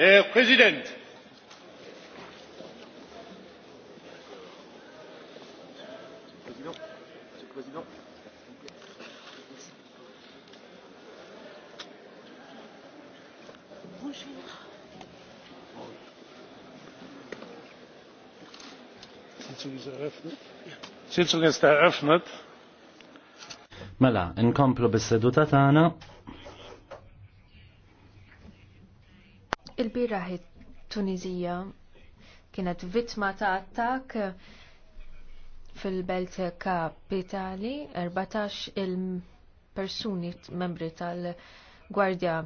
Herr Präsident! Sitzung ist eröffnet. Mela, nkomplu bis-seduta tagħna. Il-biraħi Tunizija kienet vittma ta' attak fil-belt kapitali 14 il-persuni membri tal-Gwardja